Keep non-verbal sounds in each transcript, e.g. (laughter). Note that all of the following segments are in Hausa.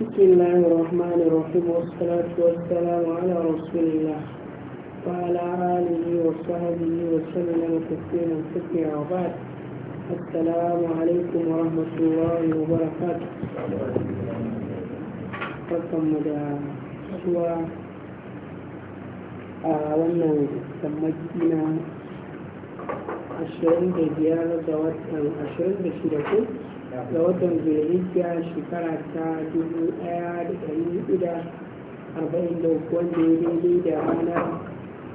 بسم الله الرحمن الرحيم والصلاة والسلام على رسول الله وعلى آله وصحبه وسلم تسليما كثيرا وبعد السلام عليكم ورحمة الله وبركاته barkan mu da zuwa a wannan sammaki na 25 ga watan 26 ga watan zuwa shekara ta dubu ɗaya da dari hudu arba'in da uku wanda ya daidai da ranar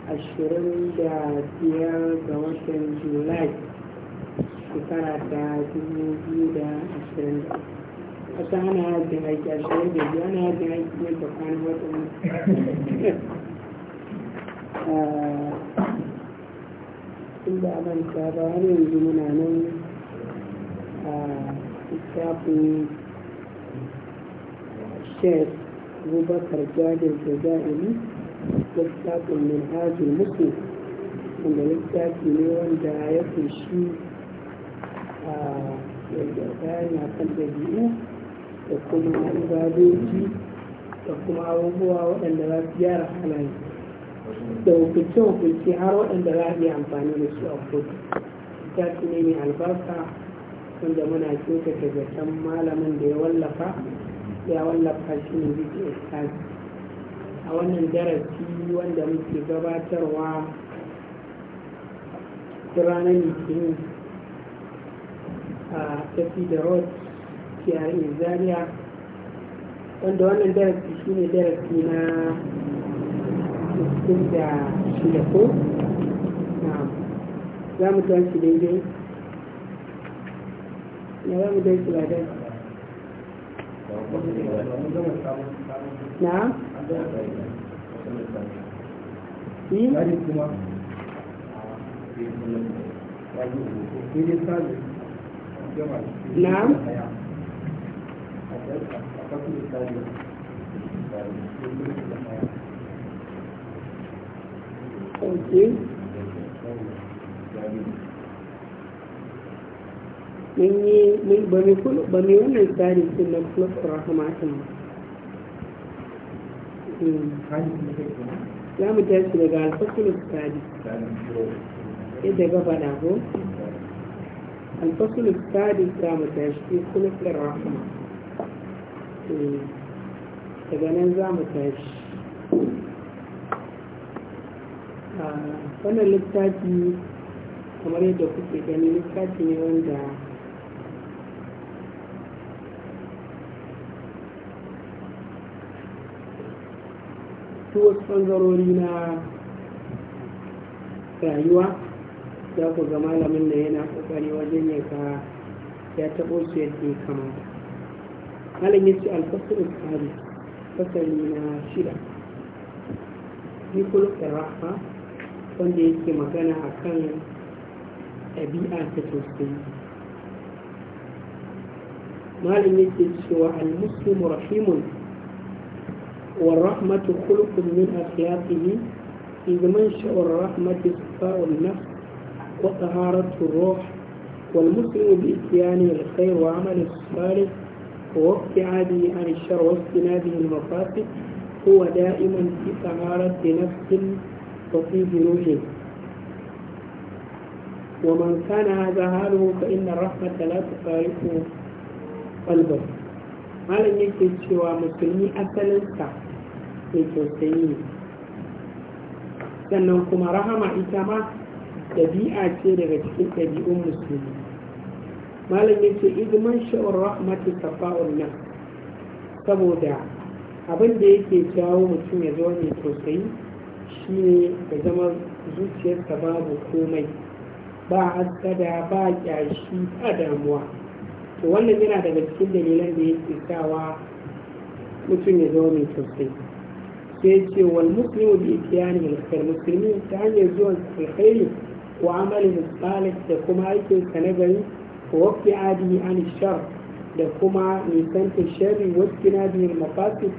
ashirin da biyar ga watan julai shekara ta dubu biyu da ashirin da wata da yajin na ashirin da biyu ana yajin aiki ne tsakanin watan ah, inda manta ba har yanzu muna nan ah, littafin shek abubakar jabir jaza'ili littafin minhajul muku wanda littafi ne wanda ya kunshi a yadda bayani a kan ɗabi'u da kuma ibadoji da kuma abubuwa waɗanda za su gyara halaye da hukunce-hukunce har waɗanda za a iya amfani da su a kotu littafi ne mai albarka wanda muna kyautata zaton malamin da ya wallafa ya wallafa shi ne zai iskari a wannan darasi wanda muke gabatarwa ranar litinin a tafi da road kiyar zaria wanda wannan darasi shi ne darasi na da da ko za mu tashi daidai yawa mu dai na? yi? na? Okay. yi ba mai wannan tsarin na rahamatin daga na ko alfasulun tsari za mu kuma rahama hmm. daga nan za mu ah, wannan littafi kamar yadda kuke gani littafi ne wanda ta wasu ɓangarori na rayuwa za ku ga malamin da yana ƙoƙari wajen ya ga ya taɓo su yadda ya kamata malam yace alfasar tsari fasari na shida nikul ƙarafa wanda yake magana akan ɗabi'a ta tausayi malam yake cewa almuslimu rahimun والرحمة خلق من أخلاقه إذ منشأ الرحمة صفاء النفس وطهارة الروح والمسلم بإتيانه الخير وعمل الصالح وابتعاده عن الشر واجتنابه المفاسد هو دائما في طهارة نفس وفي روح ومن كان هذا حاله فإن الرحمة لا تفارقه قلبه ما لم يكن سوى مسلمي أسلم asalinsa mai sannan kuma rahama ita ma ɗabi'a ce daga cikin ɗabi'un musulmi malam ya ce izman sha'ur rahmatu tafa'ul nan saboda abinda da yake jawo mutum ya zama mai tausayi shine ya zama zuciyarsa babu komai ba haskada ba kyashi ba damuwa to wannan yana daga cikin dalilan da yake sawa mutum ya zama mai tausayi sai ce wal muslimu bi ikiyani min khair muslimi ta hanyar zuwan alkhairi wa amali salih da kuma aikin sa nagari wa wafi adihi an shar da kuma nisanta sharri wa kinabi mafasid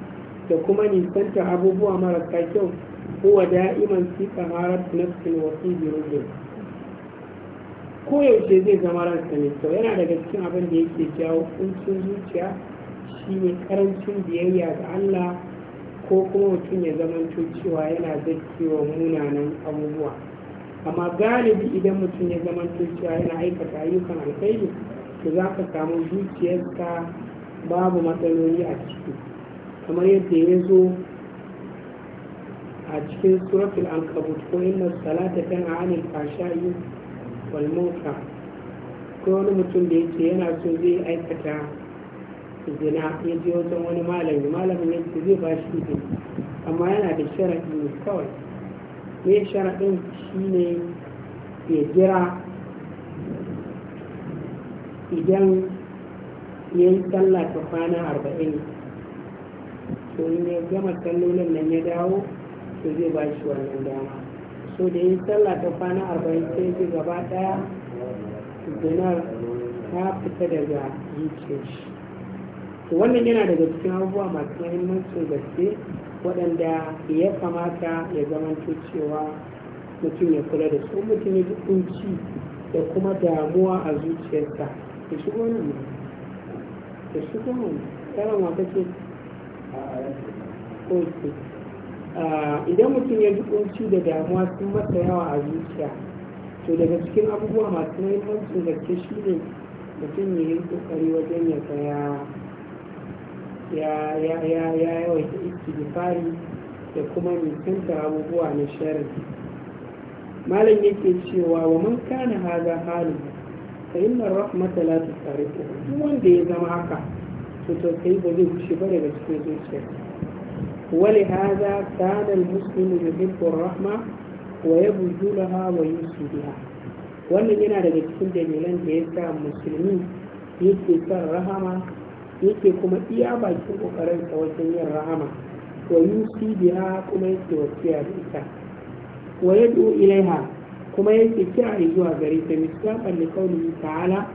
da kuma nisanta abubuwa marasa kyau huwa da'iman fi tsaharar nafsin wa birnin koyaushe zai zama ransa mai kyau yana daga cikin abin da yake jawo kuncin zuciya ne karancin biyayya ga Allah ko kuma mutum ya zamanto cewa yana zakewa munanan abubuwa amma galibi idan mutum ya zamanto cewa yana aikata ayyukan alkhairi to za ka samu zuciyarsa babu matsaloli a ciki kamar yadda ya zo a cikin suratul ankabut ko inna salata tana anil fashai wal munkar ko wani mutum da yake yana so zai aikata zina ya je wajen wani malami malamin ya ce zai ba shi ne amma yana da sharaɗi ne kawai ne sharaɗin shi ne ya jira idan ya yi sallah ta kwana arba'in to in ya gama sallolin nan ya dawo to zai ba shi wannan dama so da ya yi sallah ta kwana arba'in sai zai gaba ɗaya zinar ta fita daga zuciyar shi to wannan yana daga cikin abubuwa masu muhimmanci gaske waɗanda ya kamata ya zama cewa mutum ya kula da su mutum ya ji kunci da kuma damuwa a zuciyarsa ya shigo nan ya shigo nan karan wata ce idan mutum ya ji kunci da damuwa sun masa yawa a zuciya to daga cikin abubuwa masu muhimmancin gaske shi ne mutum ya yi kokari wajen ya saya ya yawaita istighfari da kuma nisantar abubuwa na sharin malam yake cewa wa man kana haza halin fa inna rahmata la tusarifu duk wanda ya zama haka to tausayi ba zai kushe ba daga cikin zuciya wali haza kana almuslimu yuhibbu rahma wa yabdulaha wa yusibiha wannan yana daga cikin dalilan da ya sa musulmi yake son rahama Yake kuma iya baki ƙoƙarinsa wajen yin rahama. Waye su biya kuma ya ce wa siya kisa? Waye ɗu'u Kuma yake ce ki aiki zuwa gari ta. Gani su ya ta'ala.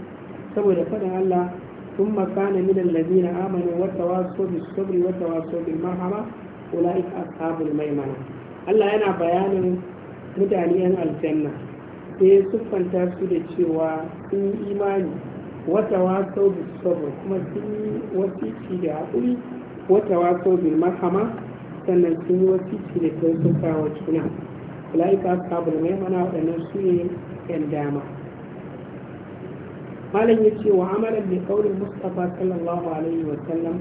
Saboda faɗin Allah, sun maƙana ni lallai na Amani, wata wasu Fofish Fofish, wata wasu Abulmahama, Fula, Iska, Maimana. Allah yana bayanin mutane 'yan aljanna. Sai sun fanta su da cewa sun yi imani. wata wato bi sabr kuma sun yi wasu ci da haƙuri wata wato bi mahama sannan sun yi wasu ci da na, juna ulaika da maimana waɗannan su ne yan dama malam ya ce wa amalan da qaulin mustapha sallallahu alaihi wa sallam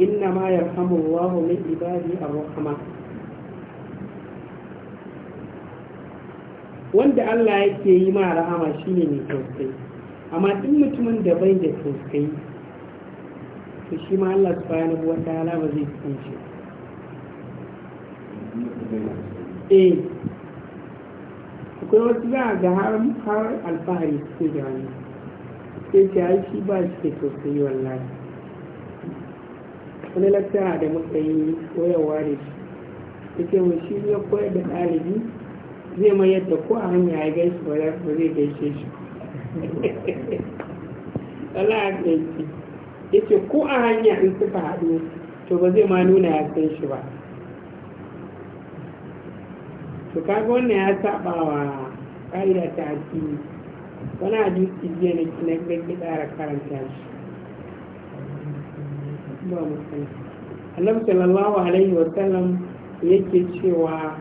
inna ma yarhamu Allah min ibadi a rahman wanda Allah yake yi ma rahama shine mai tausayi amma duk mutumin da bai da tausayi to shi ma Allah subhanahu wa ta'ala ba zai kunshi eh akwai wasu za a ga har alfahari suke da wani sai ce ai shi ba shi ke tausayi wallahi wani lakta da muka yi koyarwa da shi ta ce mu shi ya koyar da ɗalibi zai mayar da ko a hanya ya gaishe ba zai gaishe shi Allah ya ya ce ko a hanya in suka haɗu to ba zai ma nuna ya san shi ba to kaga wannan ya saba wa ƙa'ida ta addini wani hadisi jiya na kina gaggi tsara karanta shi ba musamman annabi sallallahu alaihi wa sallam yake cewa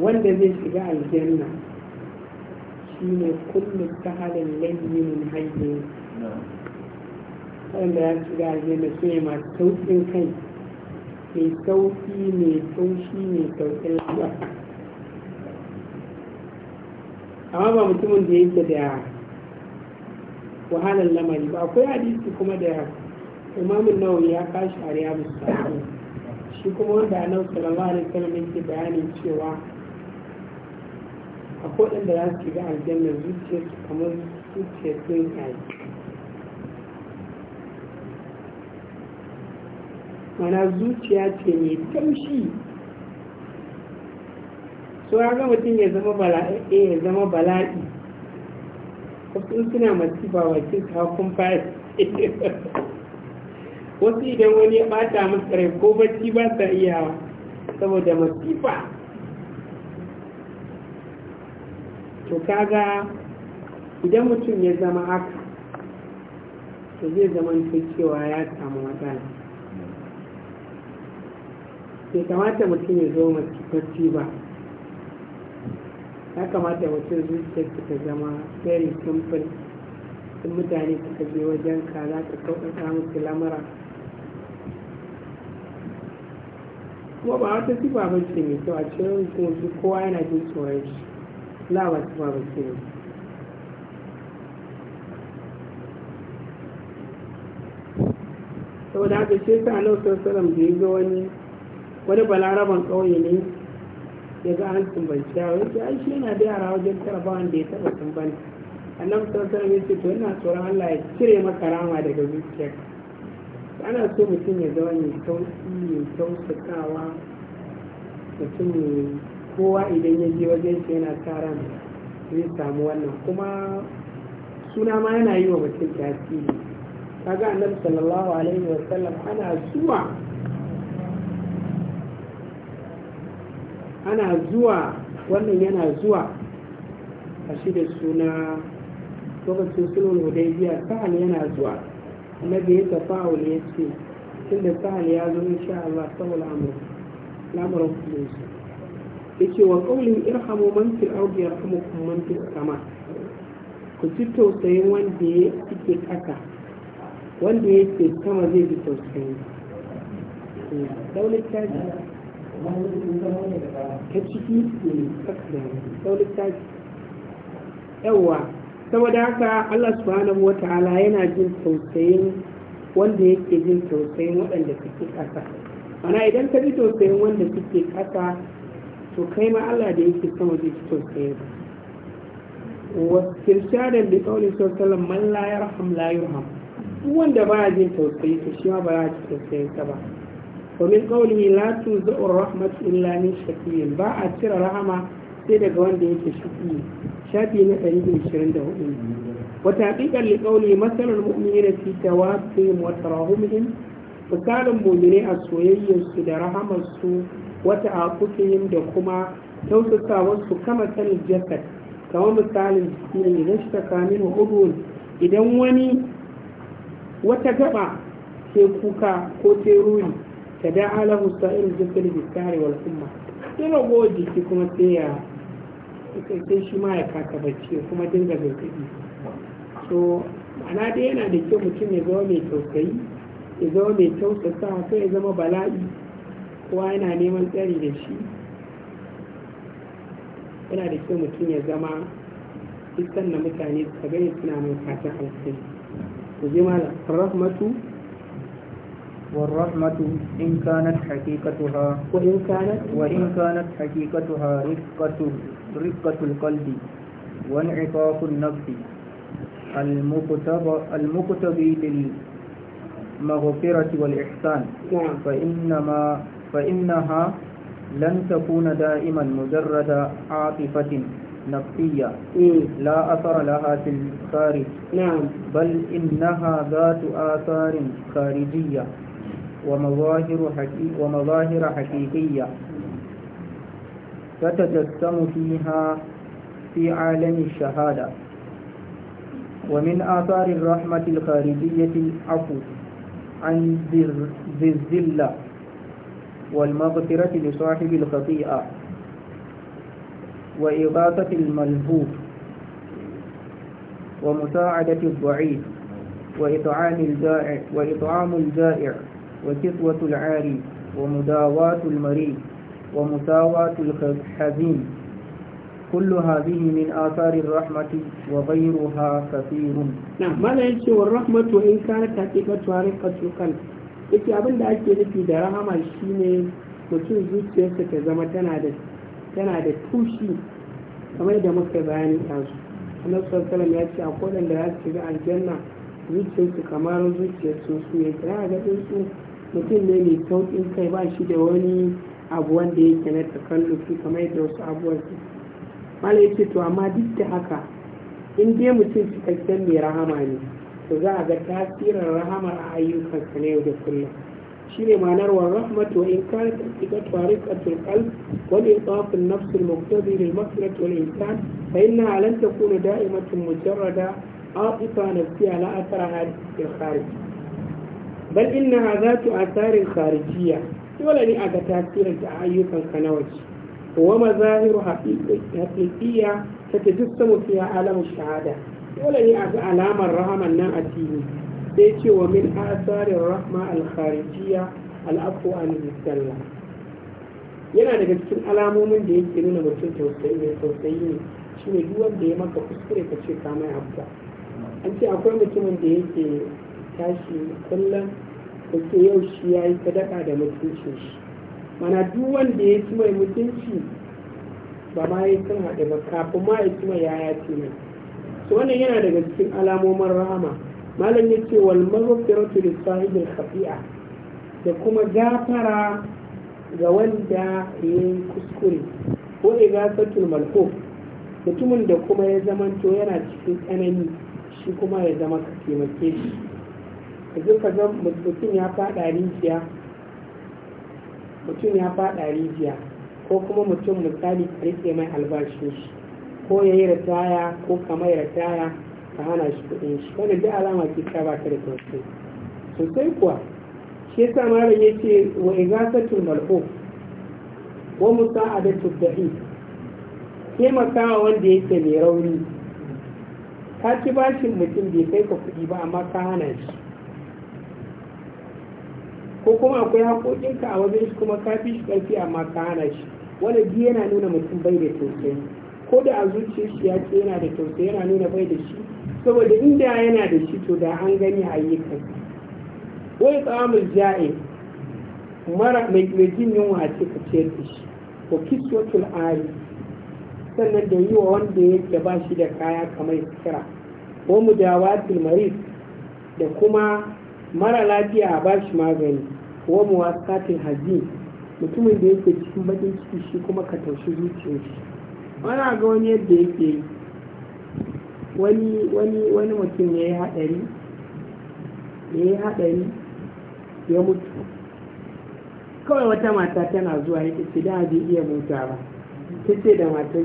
wanda zai shiga aljanna shine kullum ta halin haihu. hayye wanda ya ci aljanna na ne masu sauƙin kai ke sauƙi mai taushi mai sauƙin lafiya amma ba mutumin da yake da wahalar lamari ba akwai hadisi kuma da imamun nawawi ya kashi a riyadu shi kuma wanda nan sallallahu alaihi wasallam yake bayanin cewa akwai da za su shiga aljannar zuciyar su kamar zuciyar sun yayi mana zuciya ce mai tamshi so ya ga mutum ya zama bala'i eh, ya zama bala'i wasu suna wakil ta kakun fayar wasu idan wani ya bata masa ko bacci ba sa iyawa saboda masifa to kaga idan mutum ya zama haka to zai zama cewa ya samu matsala bai kamata mutum ya zo masu ba ya kamata mutum zuciyarsa ta zama very simple in mutane suka je wajen ka za ka sauƙaƙa musu lamura kuma ba wata sifa ba ce mai kyau a cikin mutum kowa yana jin tsoron shi la kuma ba ce saboda haka shi sa annabi sallallahu da ya ga wani wani balaraban ƙauye ne ya ga an tumbanci wani ya ai shi yana da yara wajen tara ba wanda ya taɓa tumbanta annabi sallallahu ya ce to ina tsoron Allah ya cire maka rama daga ta ana so mutum ya zama mai sauƙi mai kyautatawa mutum mai kowa idan ya je wajen shi yana tsara zai samu wannan kuma suna ma yana yi wa mutum tasiri kaga annabi sallallahu alaihi sallam ana zuwa ana zuwa wannan yana zuwa a shi da suna lokacin sunan hudaybiya sahal yana zuwa annabi ya tafa wani ya ce da sahal ya zo insha Allah saboda amur lamuran kudin su yake wa kaulin irhamu man fil ardi yarhamukum man fis sama ku ci tausayin wanda ya ke ƙasa wanda ya ke sama zai ji tausayin daular hmm, taji ta ciki ne kasa daular ji yawa saboda haka Allah subhanahu wa ta'ala yana jin tausayin wanda yake jin tausayin waɗanda suke ƙasa ana idan ka ji tausayin wanda suke ƙasa to kai ma Allah da yake sama zai ci wa. wasirshadar da kaulin sosalan man la yarham la yarham wanda ba jin tausayi to shi ma ba za ci tausayin sa ba min kaulin la tuzu'ur rahmatu illa min shakiyin ba a cire rahama sai daga wanda yake shaki shafi na 124 wata haƙiƙar liƙauli masalar mu'mini da fi tawafin wa tarahumihim misalin mu'mini a soyayyarsu da rahamarsu wata yin da kuma wasu kama sanin jakat kamar misalin jiki ne idan shi hudun idan wani wata gaba ke kuka ko ke ruri ta da alahu irin jikin da tsari wal umma sai ragowar jiki kuma sai ya sai shi ma ya kaka bacci kuma dinga zazzabi so ana dai yana da kyau mutum ya zama mai tausayi ya zama mai tausasa sai ya zama bala'i kowa yana neman tsari da shi yana da kyau mutum ya zama duk na mutane suka gani suna mai fatan alkhairi ku je malam rahmatu والرحمة إن كانت حقيقتها وإن كانت وإن كانت حقيقتها رقة رقة القلب وانعطاف النفس المقتضي للمغفرة والإحسان فإنما فإنها لن تكون دائما مجرد عاطفة نفسية لا أثر لها في الخارج نعم بل إنها ذات آثار خارجية ومظاهر, حقي ومظاهر حقيقية تتجسم فيها في عالم الشهادة ومن آثار الرحمة الخارجية العفو عن ذي الذلة والمغفرة لصاحب الخطيئة وإغاثة الملهوف ومساعدة الضعيف وإطعام الجائع وإطعام الجائع وكسوة العاري ومداواة المريض ومساواة الحزين كل هذه من آثار الرحمة وغيرها كثير نعم ماذا يلسي الرحمة وإن كانت حقيقة رقة القلب yake abin da ake nufi da rahama shine mutum zuciyarsa ta zama tana da tushi kamar da muka bayani kansu annabi sallallahu ya ce akwai wanda za su shiga aljanna zuciyarsu kamar zuciyar su ne ya ga su mutum ne mai taukin kai ba shi da wani abu wanda yake na takallufi kamar da wasu abubuwan su malai ce to amma duk da haka in dai mutum cikakken mai rahama ne to za a ga tasirin rahamar ayyukansa ne yau da kullum shi ne ma'anar rahmatu in ka tafi ga tarin katul kal wal idafin nafsul muqtadi lil maslat wal insan fa inna lan takunu da'imatan mujarrada aqifa nafsiya la athara hadhihi al kharij bal innaha zatu atharin kharijiyya dole ne a ga tasirin ta ayyukan ka na waje wa mazahiru haqiqiyya tatajassamu fi alam shahada dole ne a ga alamar rahaman nan a fili sai ce wa min asarin rahma al al'afu an sallah yana daga cikin alamomin da yake nuna mutum tausayi ne tausayi ne shine duk wanda ya maka kuskure ka ce ka mai abuwa an ce akwai mutumin da yake tashi kullum ko yau shi ya yi sadaka da mutuncin shi mana duk wanda ya ci mai mutunci ba ma ya kan haɗe ba kafin ma ya ci mai yaya ce mai to wannan yana daga cikin alamomin rahama malam ya ce wal maghfiratu lis sahibil khati'a da kuma gafara ga wanda ya kuskure ko sakin malko mutumin da kuma ya zamanto yana cikin tsanani shi kuma ya zama ka taimake shi kaje ka ga mutum ya faɗa rijiya mutum ya faɗa rijiya ko kuma mutum misali ka rike mai albashin shi ko ya yi ritaya ko kama ya ritaya ka hana shi kuɗin shi wani da alama ke ta ba ta da tausayi sosai kuwa shi yasa mara ya ce wa igasatul malho wa musa'adatul Taimaka wa wanda yake mai rauni ka ci bashin mutum bai kai ka kuɗi ba amma ka hana shi ko kuma akwai haƙoƙinka a wajen shi kuma ka fi shi ƙarfi amma ka hana shi Wani biyu yana nuna mutum bai da tausayi ko da a zuci ya ce yana da kyauta yana nuna bai da shi saboda inda yana da shi to da an gani a yi kan wai tsamul mara mai jin yunwa a ce ka da shi ko kiswatul ari sannan da yi wa wanda yake ba shi da kaya kamar kira ko mudawatul marid da kuma mara lafiya a ba shi magani ko katin hajji mutumin da yake cikin bakin ciki shi kuma ka taushi zuciyar ana ga wani yadda yake wani wani mutum ya yi haɗari ya yi haɗari ya mutu kawai wata mata tana zuwa ya ce da bai iya mota ba ta ce da matar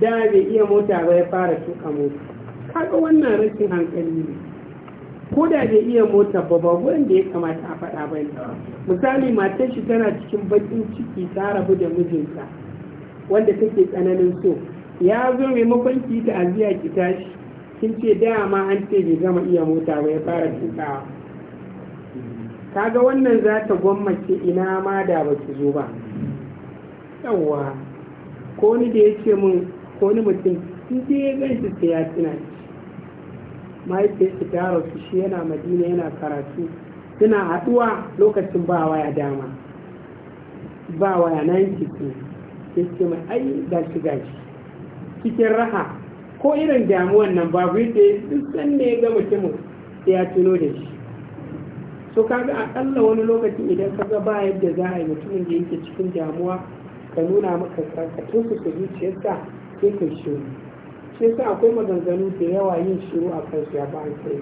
da bai iya mota ba ya fara tuka mota kaga wannan rashin hankali ne ko da bai iya mota ba ba wurin da ya kamata a faɗa ba ne misali matar shi tana cikin bakin ciki ta rabu da mijinta wanda take tsananin so ya zo maimakon ki aziya ki tashi kin ce dama an ce bai gama iya mota ba ya fara tukawa kaga wannan za ta gwammace ina ma da ba ki zo ba yawwa ko ni da ya ce min ko ni mutum sun ce ya gan shi ya tuna mahaifiyarsa ta rasu shi yana madina yana karatu suna haɗuwa lokacin ba waya dama ba waya ciki. sai suke mai ai gashi gashi cikin raha ko irin damuwan nan babu yadda duk san ne ga mutumin sai ya tuno da shi so kaga akalla wani lokaci idan ka ga ba yadda za a yi mutumin da yake cikin damuwa ka nuna maka ka tosu ka zuciyarsa sai ka shiru shi yasa akwai maganganu da yawa yin shiru a kansu ya ba an sai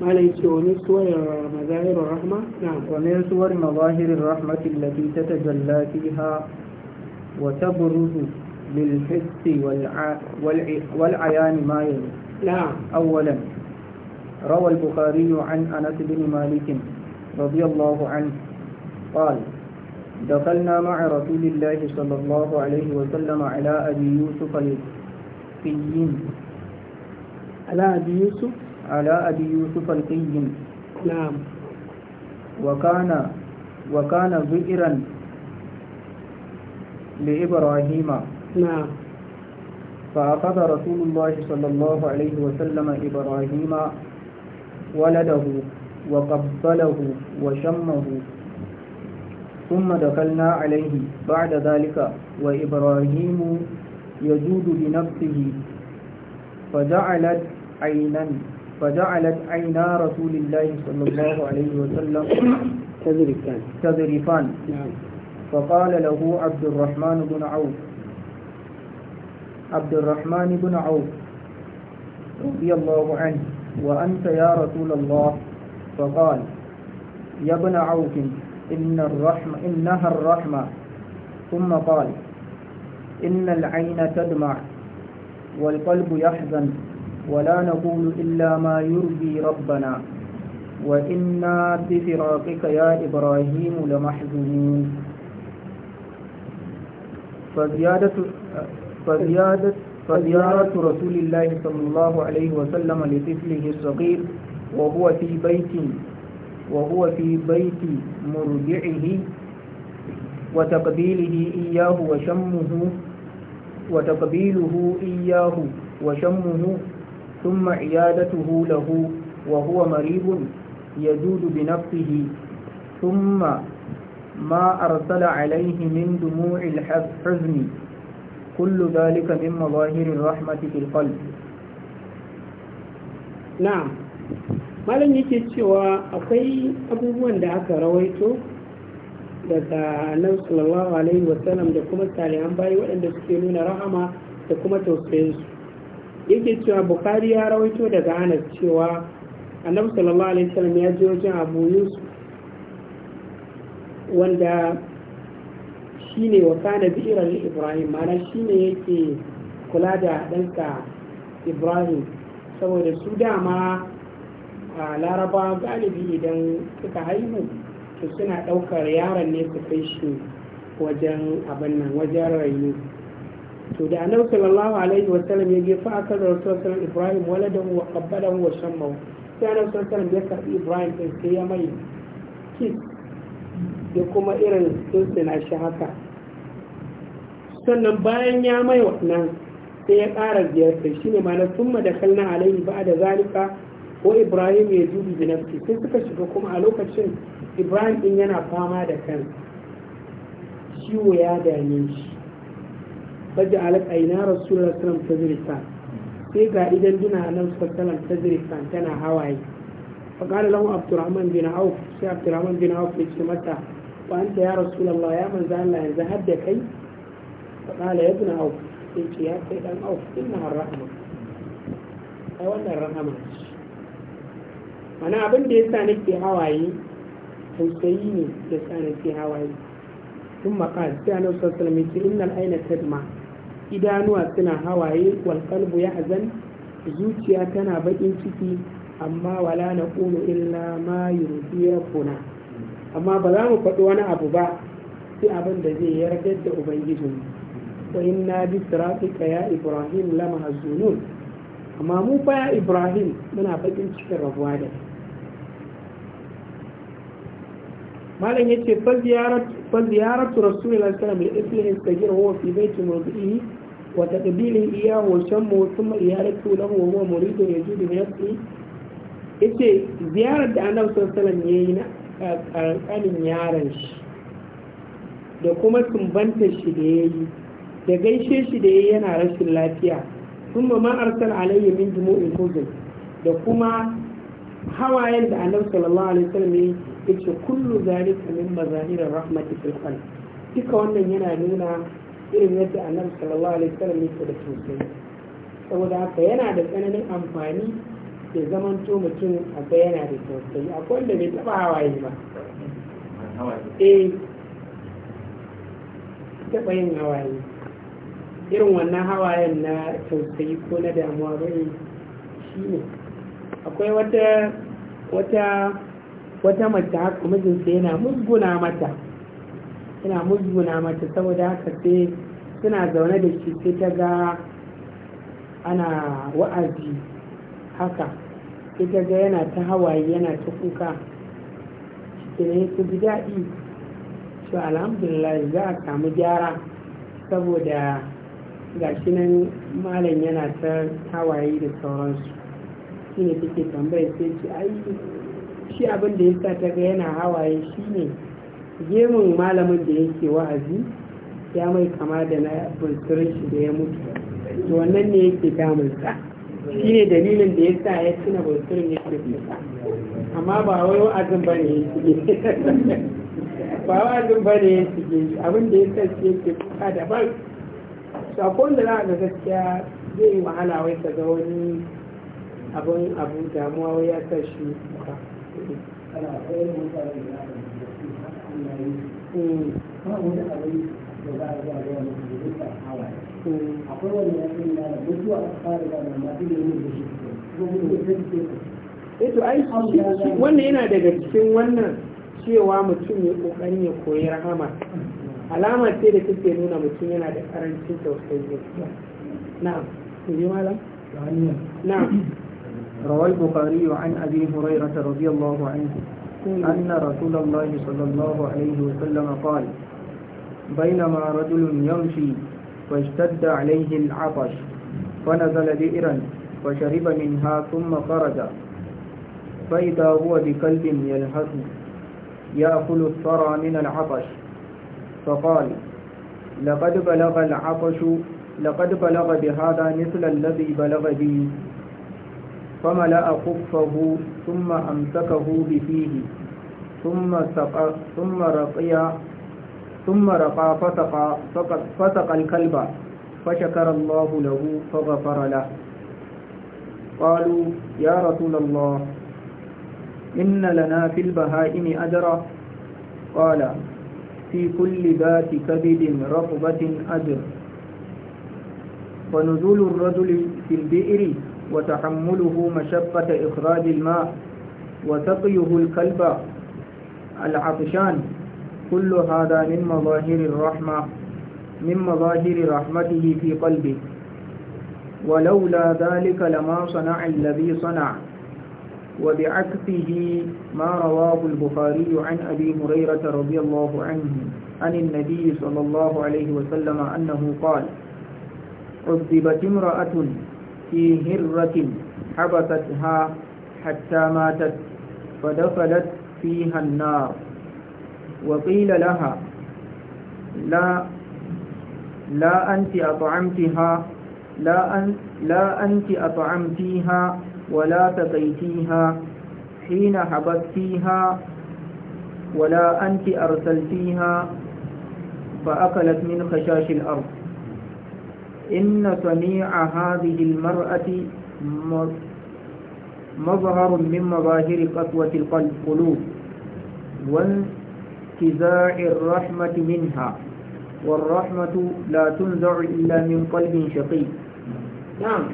malai ce wani suwar mazahirar rahma na wani suwar mazahirar rahmatin lafi ta tajalla وتبرز للحس والعيان ما يلي نعم أولا روى البخاري عن أنس بن مالك رضي الله عنه قال دخلنا مع رسول الله صلى الله عليه وسلم على أبي يوسف القيم على أبي يوسف على أبي يوسف القيم نعم وكان وكان بئرا لإبراهيم نعم فأخذ رسول الله صلى الله عليه وسلم إبراهيم ولده وقبله وشمه ثم دخلنا عليه بعد ذلك وإبراهيم يجود بنفسه فجعلت عينا فجعلت عينا رسول الله صلى الله عليه وسلم تذرفان تذرفان نعم فقال له عبد الرحمن بن عوف عبد الرحمن بن عوف رضي الله عنه وأنت يا رسول الله فقال يا ابن عوف إن الرحمة إنها الرحمة ثم قال إن العين تدمع والقلب يحزن ولا نقول إلا ما يرضي ربنا وإنا بفراقك يا إبراهيم لمحزونين فزيادة فزيارة رسول الله صلى الله عليه وسلم لطفله الصغير وهو في بيت وهو في بيت مرجعه وتقبيله إياه وشمه وتقبيله إياه وشمه ثم عيادته له وهو مريض يجود بنفسه ثم ما أرسل عليه من دموع الحزن كل ذلك من مظاهر الرحمة في القلب نعم malam yake cewa akwai abubuwan da aka rawaito daga annabi sallallahu alaihi wasallam da kuma salihan bayi waɗanda suke nuna rahama da kuma tausayinsu yake cewa bukari ya rawaito daga anas cewa annabi sallallahu alaihi wasallam ya je wajen abu yusuf wanda shi ne wa kana bi'irar ibrahim mana shi ne yake kula da ɗanka ibrahim saboda su dama a laraba galibi idan suka haihu to suna ɗaukar yaron ne su kai shi wajen abin nan wajen rayu to da annabi sallallahu alaihi wa sallam ya gefa aka da rasul ibrahim da wa qabbadahu wa shammahu sai annabi sallallahu alaihi wa sallam ya karbi ibrahim sai ya mai kis da kuma irin tsuntsina shi haka sannan bayan ya mai wannan sai ya ƙara ziyarta. shi ne mana sun da na alayhi ba da zalika ko ibrahim ya jubi binafsi sai suka shiga kuma a lokacin ibrahim din yana fama da kan ciwo ya dame shi baje alaƙaina rasulullah sallam ta zirka sai ga idan duna nan suka sanar ta zirka tana hawaye faƙalar lahu abdurrahman bin auf sai abdurrahman bin auf ya ce mata wa anta ya rasulullah ya manzo Allah yanzu har da kai fa qala ya ibn auf ce ya kai dan auf inna ar wannan rahama ce mana abin da yasa nake hawaye tausayi ne da sa nake hawaye sun maqal sai annabi sallallahu alaihi wasallam ya ce idanuwa suna hawaye wal qalbu yahzan zuciya tana bakin ciki amma wala na ƙunu illa ma yurdiya kuna amma ba za mu faɗi wani abu ba sai abin da zai yardar da ubangijin wa inna bi siratika ya ibrahim la mahzunun amma mu fa ya ibrahim muna bakin cikin rabuwa da malam yace fa ziyaratu fa ziyaratu rasulullahi sallallahu alaihi wasallam ibn istajir huwa fi baiti mawdihi wa taqbilu iyahu wa shammu thumma iyalatu lahu wa huwa muridun yajudu bi nafsihi yace ziyarar da annabi sallallahu alaihi wasallam yayi na ƙarƙarin yaran shi da kuma sumbantar shi da ya yi da gaishe shi da ya yi yana rashin lafiya sun ma arsal alayyar min in huzun da kuma hawayen da annabi sallallahu alaihi wasallam ya ce kullu zalika min mazahirir rahmati fil duka wannan yana nuna irin yadda annabi sallallahu alaihi wasallam yake da sosai saboda haka yana da tsananin amfani ya zamanto mutum akwai yana da tausayi akwai wanda bai taba hawaye ba eh taba yin hawaye irin wannan hawayen na tausayi ko na damuwa bane shi ne akwai wata wata wata mace haka mijinsa yana musguna mata yana musguna mata saboda haka sai suna zaune da shi sai ta ga ana wa'azi haka ita ga yana ta hawaye yana ta kuka ne ku ji daɗi to alhamdulillah za a samu gyara saboda ga shi nan malam yana ta hawaye da sauransu shi ne take tambaya sai ce ai shi abin ya sa ta ga yana hawaye shi ne gemun malamin da yake wa'azi ya mai kama da na bulturin shi da ya mutu to wannan ne yake damunsa shi ne dalilin da ya sa ya tuna bautar ya amma ba wai wa'azin ba ne ba wa'azin ba ne ya shige abin da ya sa shi kuka daban da za a ga gaskiya zai yi wahala wai ka ga wani abin abu damuwa wai ya sa shi kuka Mm. akwai wani ya ce da duk wa da ba da shi ko eh ai wannan yana daga cikin wannan cewa mutum ya kokari ya koyi rahama alama ce da take nuna mutum yana da karancin tausayi gaskiya na'am ji malam na'am روى البخاري عن أبي هريرة رضي الله عنه أن رسول الله صلى الله عليه وسلم قال بينما رجل يمشي فاشتد عليه العطش فنزل بئرا فشرب منها ثم خرج فإذا هو بكلب يلهث يأكل الثرى من العطش فقال لقد بلغ العطش لقد بلغ بهذا مثل الذي بلغ بي فملأ خفه ثم أمسكه بفيه ثم, ثم رقي ثم رقى فتق, فتق الكلب فشكر الله له فغفر له قالوا يا رسول الله إن لنا في البهائم أجرا قال في كل ذات كبد رقبة أجر ونزول الرجل في البئر وتحمله مشقة إخراج الماء وتقيه الكلب العطشان كل هذا من مظاهر الرحمة من مظاهر رحمته في قلبه ولولا ذلك لما صنع الذي صنع وبعكسه ما رواه البخاري عن أبي هريرة رضي الله عنه عن النبي صلى الله عليه وسلم أنه قال عذبت امرأة في هرة حبثتها حتى ماتت فدخلت فيها النار وقيل لها لا لا أنت أطعمتها لا, أن لا أنت أطعمتيها ولا تقيتيها حين حبستيها ولا أنت أرسلتيها فأكلت من خشاش الأرض إن صنيع هذه المرأة مظهر من مظاهر قسوة القلوب انتزاع الرحمة منها والرحمة لا تنزع إلا من قلب شقي نعم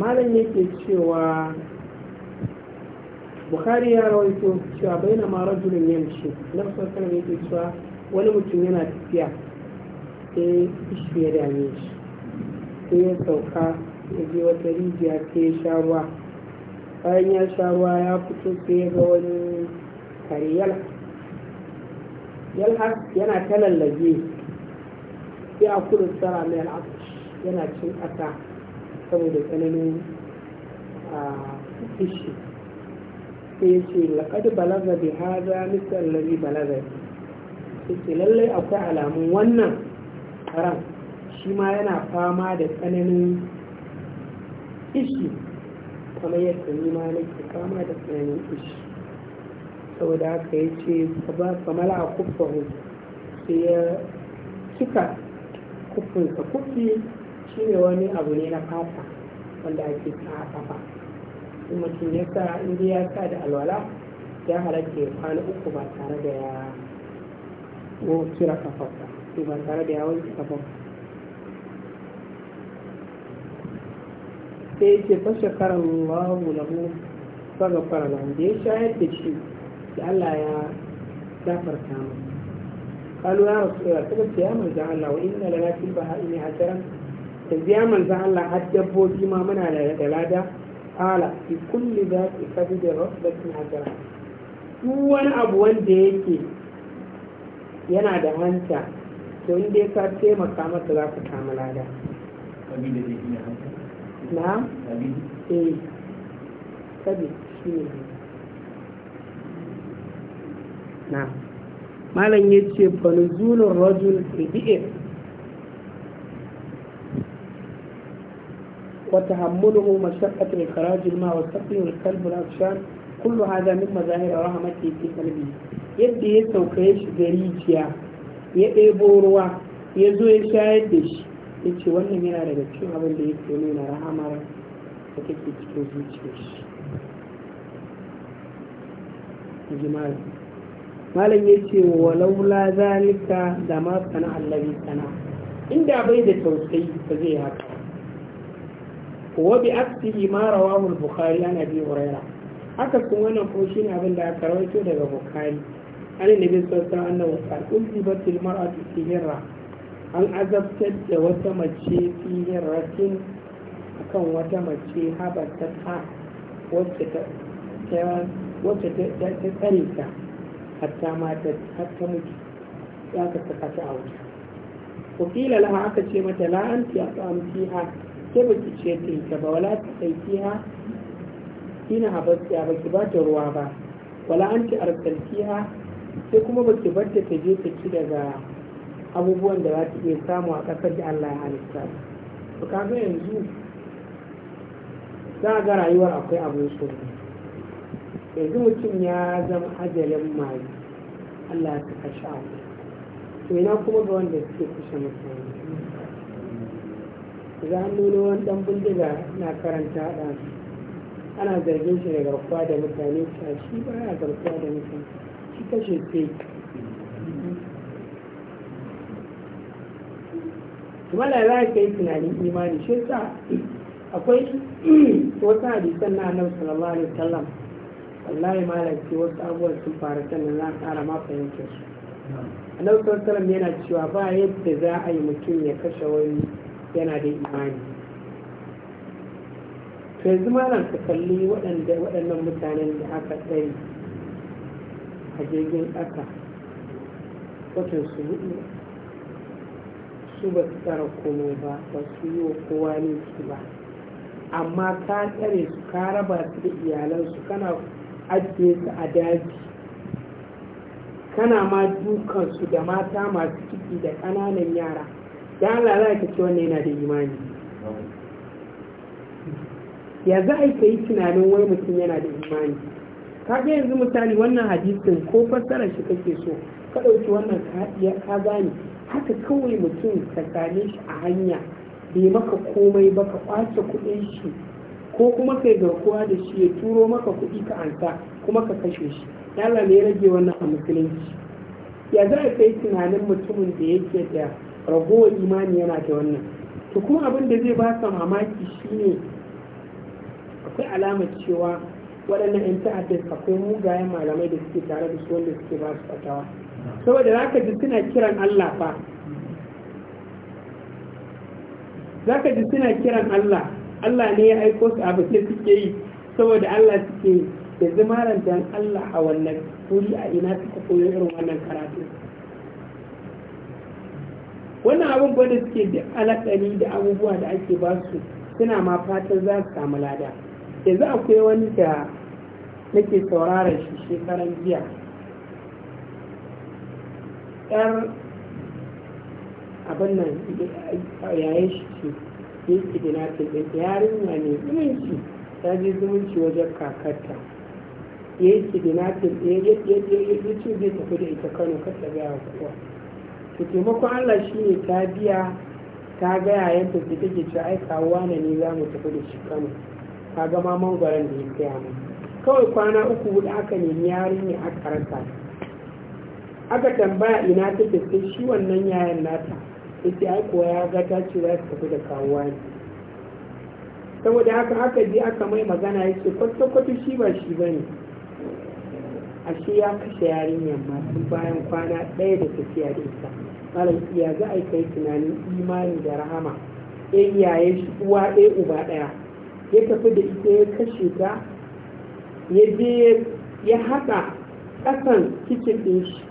malam yake cewa bukari ya rawaito cewa bai na mara julin yamshi na sassan yake cewa wani mutum yana tafiya sai ya sauka ya je wata rijiya sai ya sha ruwa bayan ya sha ruwa ya fito sai ya ga wani kare yana ta lallage sai kudu tsara mai al'afush yana cin ƙasa saboda tsananin a kishi sai ya ce laƙadu balaga bi haza misal lazi balaga ya ce lallai akwai alamun wannan ran shi ma yana fama da tsananin kishi kamar yadda ni ma nake fama da tsananin kishi saboda haka ya ce kamar a kufahu sai ya cika kufinsa kufi shi ne wani abu ne na fata wanda ake sa a kafa in mutum ya sa inda ya sa da alwala ya halatta ya kwana uku ba tare da ya kafafa kafarsa ba tare da ya wanke kafafa sai ce fashe karan lahu lahu fara lahu da ya shayar da shi da Allah ya gafarta mu kalu ya rasuwa ta ce ya manzo Allah wa inna la lafi ba ne a hajaran da ya manzo Allah dabbobi ma muna da lada ala fi kulli da ki kabi da rasulatin Su wani abu wanda yake yana da hanta to inda ya sa taimaka masa za ku kama lada na? Eh, sabi shi ne نعم ما لن يجب فنزول الرجل في بئر وتحمله مشقة إخراج الماء وسقيه الكلب والأفشان كل هذا من مظاهر رحمته في قلبه يبدي يتوكيش غريجيا يأبوروا يزوي شاهدش يجي وانا من أرد شو هذا اللي يتوكيش رحمة فكيف يتوكيش يجمال malam ya ce laula zalika da ma sana allabi sana inda bai da tausayi ba zai haka wa bi aksi ma wa al-bukhari an abi hurairah haka kuma wannan ko shine abin da aka rawaito daga bukhari an ne bin alaihi annabi sa, qala batil mar'atu fi hirra an azabta da wata mace fi hirratin akan wata mace habatta ta wacce ta wacce ta tsare ta hatta mata hatta mutu ya ka saka ta a wuta kila laha aka ce mata la an tiya ta ha ke ba ki ce ta ita ba wala ta ha kina habasiya ba ki ba ta ruwa ba wala an ti ha sai kuma ba ki bar ta ta je ta ci daga abubuwan da za ta iya samu a kasar da Allah ya halitta ba ga yanzu za a ga rayuwar akwai abin tsoro yanzu mutum ya zama ajalin mai Allah ya kaka shi to ina kuma ga wanda suke kusa mutane za a nuna wani dan bindiga na karanta da ana zargin shi da garkuwa da mutane ta shi ba ya garkuwa da mutane shi kashe ce kuma da za ka yi tunanin imani shi sa akwai wasu hadisan na annabi sallallahu alaihi wasallam wallahi malam ce wasu abubuwan sun faru sannan za ƙara ma fahimtar su a annabi sallallahu yana cewa ba yadda za a yi mutum ya kashe wani yana da imani to yanzu malam ka kalli waɗannan mutanen da aka tsari a jirgin ƙasa watan su hudu su ba su tsara komai ba ba su yi wa kowa ne ba amma ka tsare su ka raba su da iyalansu kana ajiye su a daji kana ma dukansu da mata masu ciki da kananan yara da lalata ka ce wannan yana da imani ya za a yi tunanin wai mutum yana da imani kaga yanzu misali wannan hadisin ko fassarar shi kake so ka ɗauki wannan ka gane haka kawai mutum ka same shi a hanya bai maka komai ba ka kwace kuɗin shi ko kuma kai garkuwa da shi ya turo maka kuɗi ka ansa kuma ka kashe shi yalla ne rage wannan a musulunci ya za a kai tunanin mutumin da yake da ragowar imani yana da wannan to kuma abin da zai ba sa mamaki shine akwai alamar cewa waɗannan 'yan ta'addar akwai mugayen malamai da suke tare da su wanda suke ba su fatawa saboda za ka ji suna kiran Allah fa za ka ji suna kiran Allah Allah ne ya aiko su abu da suke yi saboda Allah suke da zimaran dan Allah a wannan wuri a ina suka koyo irin wannan karatu wannan abin gwada suke da alaƙari da abubuwa da ake ba su suna ma fatan za su samu lada yanzu akwai wani da nake sauraron shi shekaran jiya yar abin nan yayin shi fi kidnapping ɗin yarinya ne irin shi ta je zumunci wajen kakarta ya yi kidnapping ɗin ya cin zai tafi da ita kano kar ta gaya kuwa. to taimakon allah shi ne ta biya ta gaya yadda ta take ce ai kawuwa na ne za mu tafi da shi kano ta gama mangwaron da ya gaya mu kawai kwana uku hudu aka nemi yarinya aka rasa aka tambaya ina take sai shi wannan yayan nata yake aiko ya ga ta ce za tafi da kawuwa ne saboda haka aka je aka mai magana ya ce kwata shi ba shi ba ne shi ya kashe yarinyar masu bayan kwana ɗaya da tafiya da ita malam iya za a kai tunanin imani da rahama ɗan yaye shi uwa ɗaya uba ɗaya ya tafi da ita ya kashe ta ya je ya haɗa ƙasan kicin ɗin shi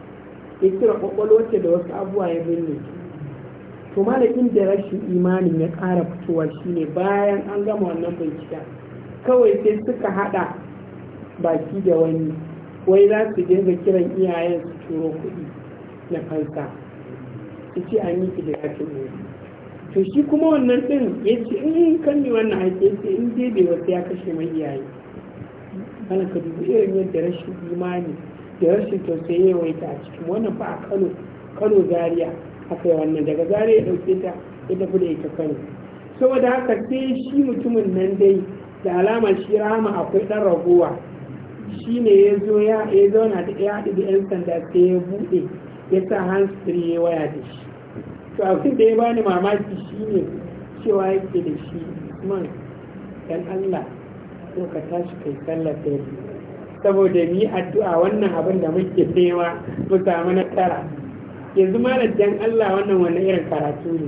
ya kira ƙwaƙwalwace da wasu abubuwa ya binne to malakin da rashin imanin ya kara fitowa shine bayan an gama wannan bincika kawai sai suka hada baki da wani wai za su dinga kiran iyayen su turo kuɗi na fansa su ce an yi kidiratin to shi kuma wannan ɗin ya ce in eh, kan ne wannan ake sai in dai wasu ya kashe mai iyaye ana ka dubu irin yadda rashin imani da rashin tausayewa ta a cikin wannan ba a kano kano akai wannan daga zare ya ɗauke ta ya tafi da ita kano saboda haka sai shi mutumin nan dai da alama shi rama akwai ɗan ragowa shi ne ya zo ya zauna da ya haɗu da 'yan sanda sai ya buɗe ya sa hansiri ya waya da shi to abin da ya bani mamaki shi ne cewa yake da shi man dan Allah ko ka tashi kai sallar saboda ni addu'a wannan abin da muke nema mu samu nasara yanzu malar dan Allah wannan wannan irin karatu ne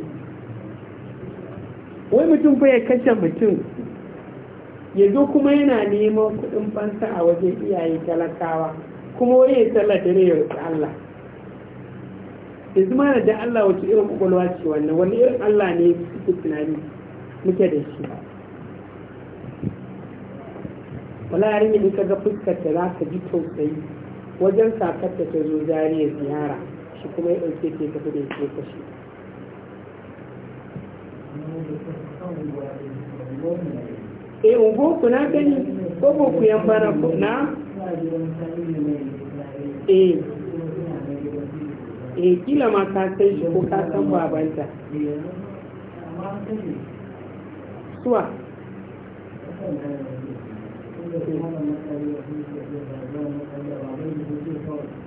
wai mutum fa ya kashe mutum ya zo kuma yana neman kuɗin fansa a wajen iyaye talakawa kuma wai ya sallah dare ya roƙi Allah yanzu malar dan Allah wace irin ƙwaƙwalwa ce wannan wani irin Allah ne suke tunani muke da shi wala yarinya in ka ga fuskar ta za ka ji tausayi wajen sakar ta zo ya ziyara shi kuma ya ɗauke ke tafi da ke kashi e ugbo ku na gani ko ko ku yan fara ku na e e kila ma ka kai shi ko ka san ba babanta suwa Thank eh. you.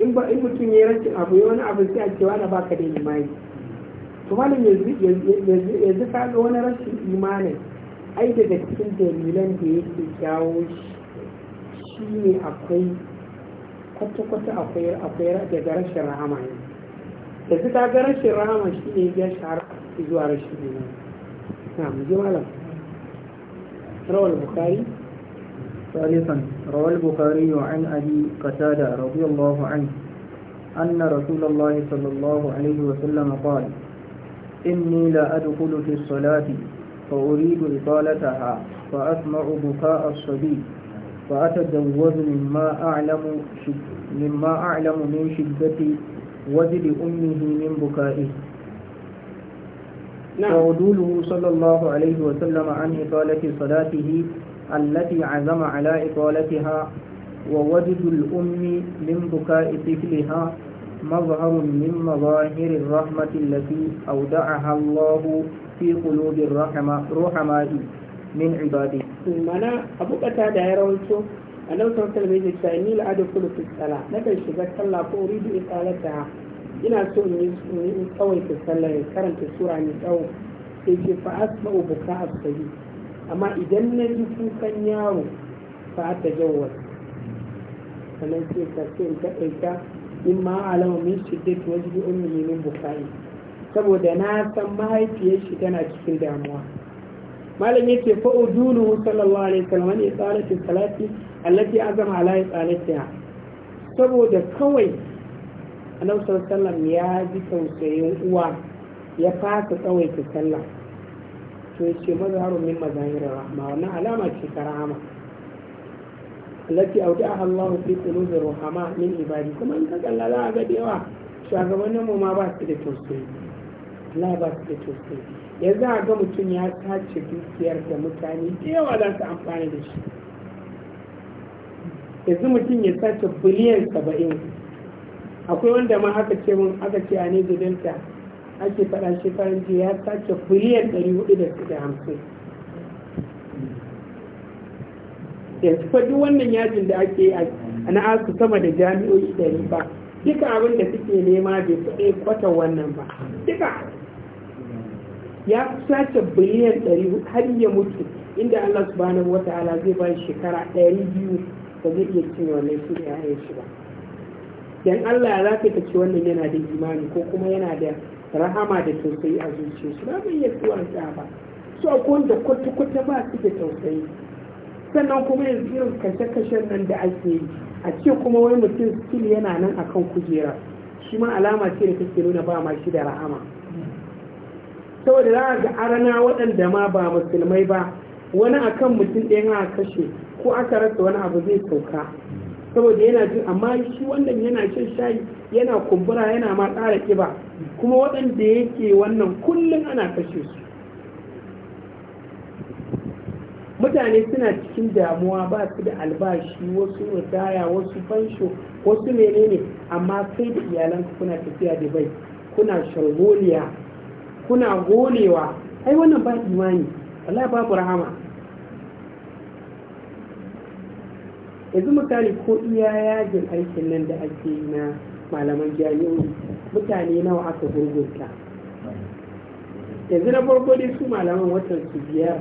in ba in mutum ya rashin abu ya wani abu sai a cewa na baka da imani to malam yanzu ka ga wani rashin imanin ai daga cikin dalilan da yake jawo shi ne akwai kwata-kwata akwai akwai daga rashin rahama ne da su ga rashin rahama shi ne ya shahara zuwa rashin imani na mu je malam rawar bukari ثالثا روى البخاري عن أبي قتادة رضي الله عنه أن رسول الله صلى الله عليه وسلم قال إني لا أدخل في الصلاة فأريد إطالتها فأسمع بكاء الصبي فأتجوز مما أعلم مما أعلم من شدة وجد أمه من بكائه فعدوله صلى الله عليه وسلم عن إطالة صلاته التي عزم على إطالتها ووجد الأم من بكاء طفلها مظهر من مظاهر الرحمة التي أودعها الله في قلوب الرحماء من عباده mana abu kata da ya rawaito a nautan salmai da cewa ni la'adu kulu fi tsala na kan shiga sallah ko uridu in ina so in yi in tsawai ya karanta sura mai tsawo buka asabi amma idan na ji kukan yaro fa ta jawar sannan ce ka ce in ka ɗauka in ma alama min shiddat wajibi ne min bukari saboda na san mahaifiyar shi tana cikin damuwa malam yake fa udunu sallallahu alaihi wasallam ne salati salati allati azama ala salatiha saboda kawai annabi sallallahu alaihi wasallam ya ji tausayin uwa ya fasa tsawaita sallah to ya ce mazaharun min mazahirin rahma wannan alama ce ta rahama allati awda'aha Allah fi qulubi rahama min ibadi kuma in ka kalla za a ga dewa shugabannin mu ma ba su da tausayi Allah ba su da tausayi yanzu a ga mutum ya tace dukiyar da mutane da za su amfana da shi yanzu mutum ya tace biliyan saba'in akwai wanda ma aka ce mun aka ce a ne delta ake faɗa shekaran jiya ya sace biliyan 450 yanzu fa duk wannan yajin da ake a na asu sama da jami'o'i ɗari ba duka abin da suke nema bai su ɗaya kwata wannan ba duka ya sace biliyan 100 har ya mutu inda Allah subhanahu wa ta'ala zai ba shekara 200 da zai iya cin wannan shi da ya shi ba dan Allah ya zaka ta ce wannan yana da imani ko kuma yana da rahama da tausayi a su ba mai yadda wani ta ba su a kowanda kwata-kwata ba su da tausayi sannan kuma yanzu irin kashe-kashen nan da ake yi a ce kuma wani mutum skill yana nan akan kujera shi ma alama ce da take nuna ba ma shi da rahama saboda za ga arana waɗanda ma ba musulmai ba wani akan mutum ɗaya a kashe ko aka rasa wani abu zai sauka saboda yana jin amma shi wannan yana shan shayi yana kumbura yana ma ƙara ƙiba kuma waɗanda yake wannan kullum ana kashe su mutane suna cikin damuwa ba su da albashi wasu ritaya wasu fansho wasu menene amma sai da iyalanka kuna tafiya da bai kuna sharholiya kuna golewa ai wannan ba imani Allah babu rahama yanzu misali ko iya yajin aikin nan da ake na malaman jami'o'i mutane nawa aka gurgurta yanzu na farko dai su malaman watan su biyar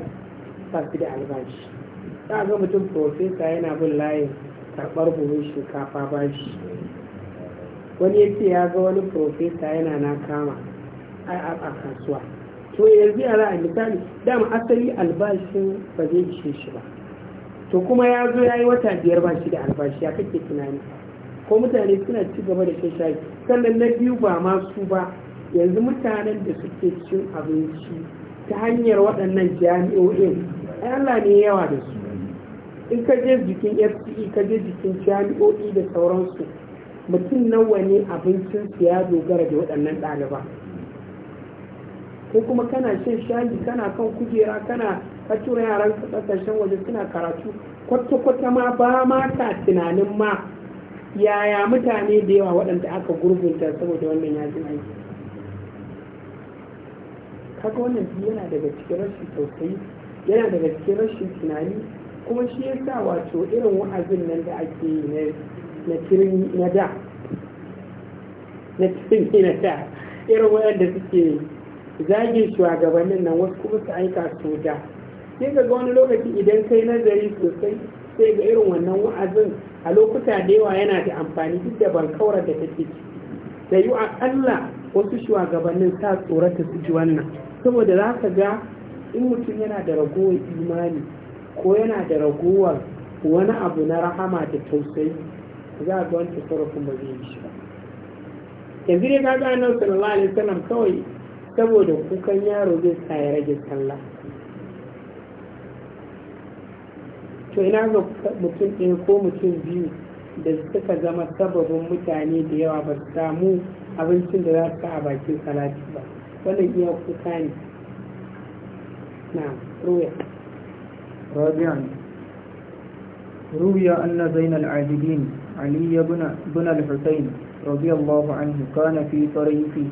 ba su da albashi ta ga mutum profesa yana bin layin karɓar buhun shinkafa bashi wani ya ce ya ga wani profesa yana na kama a kasuwa to yanzu yara a misali dama asali albashin ba zai ishe shi ba to kuma ya zo ya yi wata biyar ba shi da albashi ya kake tunani ko mutane suna ci gaba da shan sannan na biyu ba masu ba yanzu mutanen da suke cin abinci ta hanyar waɗannan jami'o'in ai Allah ne yawa da su in ka je jikin fce ka je jikin jami'o'i da sauransu mutum nawa ne abincin su ya dogara da waɗannan ɗaliba ko kuma kana shan shayi kana kan kujera kana ka tura yaran ka kasashen waje suna karatu kwata-kwata ma ba ma ta tunanin ma yaya mutane da yawa waɗanda aka gurgunta saboda wannan yajin aiki kaga wannan yana daga cikin rashin tausayi yana daga cikin rashin tunani kuma shi ya sa wato irin wa'azin nan da ake yi na na da na cikin na da irin waɗanda suke zagin shugabannin nan wasu kuma su aika su da sai ga wani lokaci idan kai nazari sosai sai ga irin wannan wa'azin a lokuta da yawa yana da amfani duk da ban kawar da take ciki da yi aƙalla wasu shugabannin sa tsorata su ji wannan saboda za ka ga in mutum yana da ragowar imani ko yana da ragowar wani abu na rahama da tausayi za a ga wani tasarrufin ba zai yi shi ba yanzu dai ga annabi sallallahu alaihi wasallam kawai saboda kukan yaro zai sa ya rage sallah to ina ga mutum ɗin ko mutum biyu da suka zama sababin mutane da yawa ba su samu abincin da za su ka a bakin salati ba wannan iya kuka ne na ruwa رابعا روي أن زين العابدين علي بن بن الحسين رضي الله عنه كان في طريقه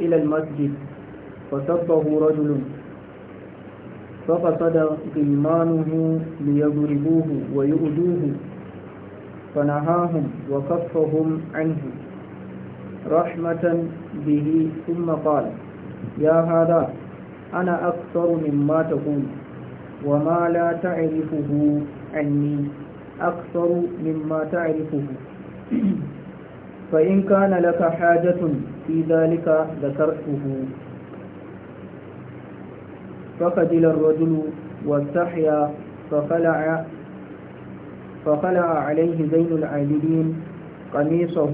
إلى المسجد فسبه رجل ففسد غلمانه ليضربوه ويؤذوه فنهاهم وكفهم عنه رحمة به ثم قال يا هذا أنا أكثر مما تقول وما لا تعرفه عني أكثر مما تعرفه فإن كان لك حاجة في ذلك ذكرته فقتل الرجل واستحيا فخلع فخلع عليه زين العابدين قميصه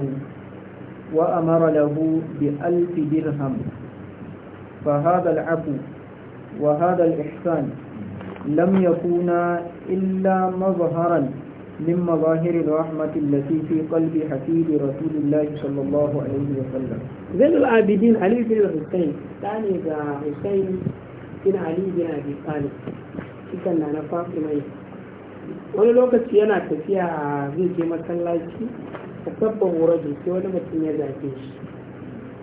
وأمر له بألف درهم فهذا العفو وهذا الإحسان لم يكونا إلا مظهرا من مظاهر الرحمة التي في قلب حفيد رسول الله صلى الله عليه وسلم زين العابدين علي بن الحسين ثاني حسين bin ali bin abi talib Kikan na na mai. wani lokaci yana tafiya zai je masallaci a sabban wurajin sai wani mutum ya zafe shi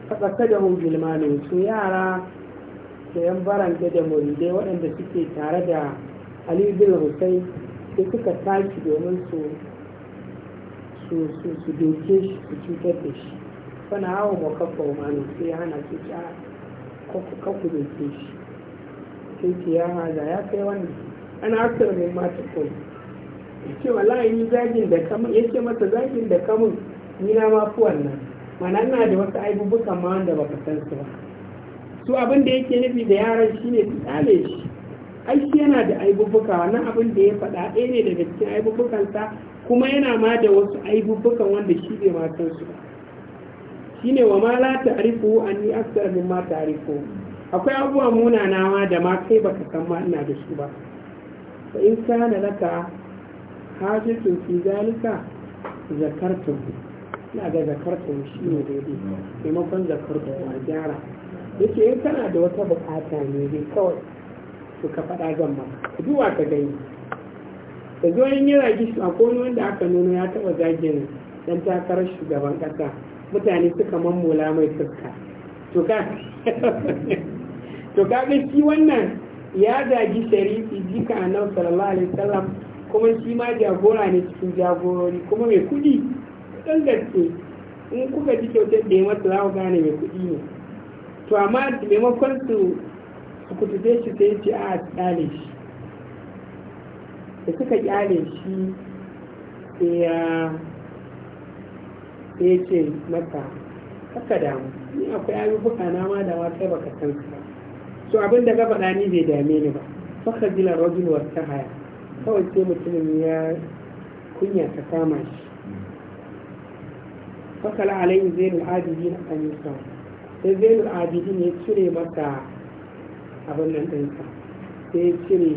faɗaka da hujjul malin su yara da yan baranta da muridai waɗanda suke tare da ali bin hussein sai suka tashi domin su su su su doke shi su cutar da shi sana hawa makaffa umarni sai hana su ci a kakku doke shi sai ce ya haza ya kai wannan ana aksar mai mata Ya ce wallahi ni zagin da kamun ya ce mata zagin da kamun ni na ma fi wannan mana ina da wasu aibubuka ma wanda ba ka san su ba su abin da yake nufi da yaran shine su tsale shi ai shi yana da aibubuka wannan abin da ya faɗa ɗaya ne daga cikin aibubukansa kuma yana ma da wasu aibubukan wanda shi bai ma san su ba shine wa ma la ta'rifu anni aksar min ma ta'rifu akwai abubuwa munana ma da ma kai baka san ma ina da su ba fa in kana laka hajjatun fi zalika zakartu ina ga zakartu shi ne daidai maimakon zakartu a gyara yake in kana da wata bukata ne dai kawai to ka faɗa zan Ba duwa ka gani da zo yin yi su, a kone wanda aka nuna ya taɓa zagin dan takarar shugaban kasa mutane suka mammola mai fuska to ka (laughs) to kaga shi wannan ya zagi sharifi jika annabi sallallahu alaihi wasallam kuma shi ma jagora ne cikin jagorori kuma mai kudi dan gaske in kuka ji kyautar da ya masa za ku gane mai kudi ne to amma maimakon su su kutube shi sai ce a tsale shi da suka kyale shi sai ya ce mata haka damu ni akwai abubuwa na ma da ma baka san su so abin da ka ni bai dame ni ba faka jila rajul wa haya kawai sai mutumin ya kunya ta kama shi faka la alayhi zainul abidin an yusa sai zainul abidin ya cire masa abin nan ɗinsa sai ya cire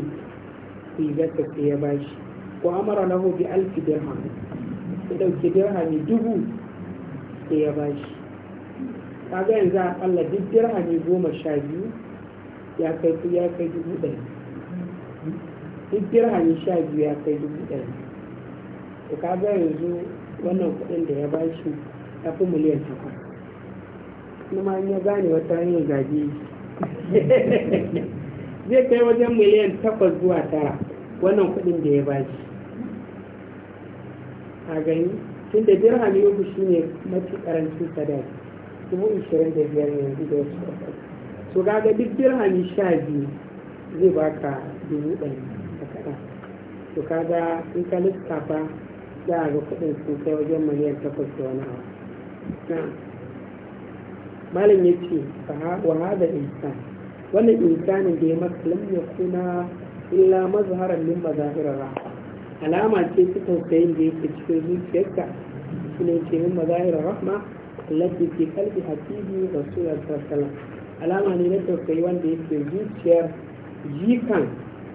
rigarsa sai ya bashi wa amara lahu bi alfi dirham ya ɗauki dirhami dubu sai ya bashi kaga yanzu a duk dirhami goma sha biyu ya kai ku ya kai dubu ɗari duk birhani sha biyu ya kai dubu ɗari to ka ga yanzu wannan kuɗin da ya ba shi ya fi miliyan takwas kuma ya gane wata hanyar gaji (laughs) zai kai wajen miliyan takwas zuwa tara wannan kuɗin da ya ba shi a gani tun da dirhami uku ne mafi karancin sadaki dubu ishirin da biyar yanzu da wasu to kaga duk dirhami sha biyu zai baka dubu ɗari a kaɗan to kaga in ka littafa za a ga kuɗin sun kai wajen miliyan takwas da wani abu malam ya ce wa hada insan wannan insanin da ya masa lam kuna illa mazharan min mazahirar rahama alama ce ta tausayin da yake cikin zuciyarka shi ne ke min mazahirar rahma allati ke kalfi, habibi rasulullah sallallahu alaihi wasallam alama ne na tausayi wanda yake zuciyar jikan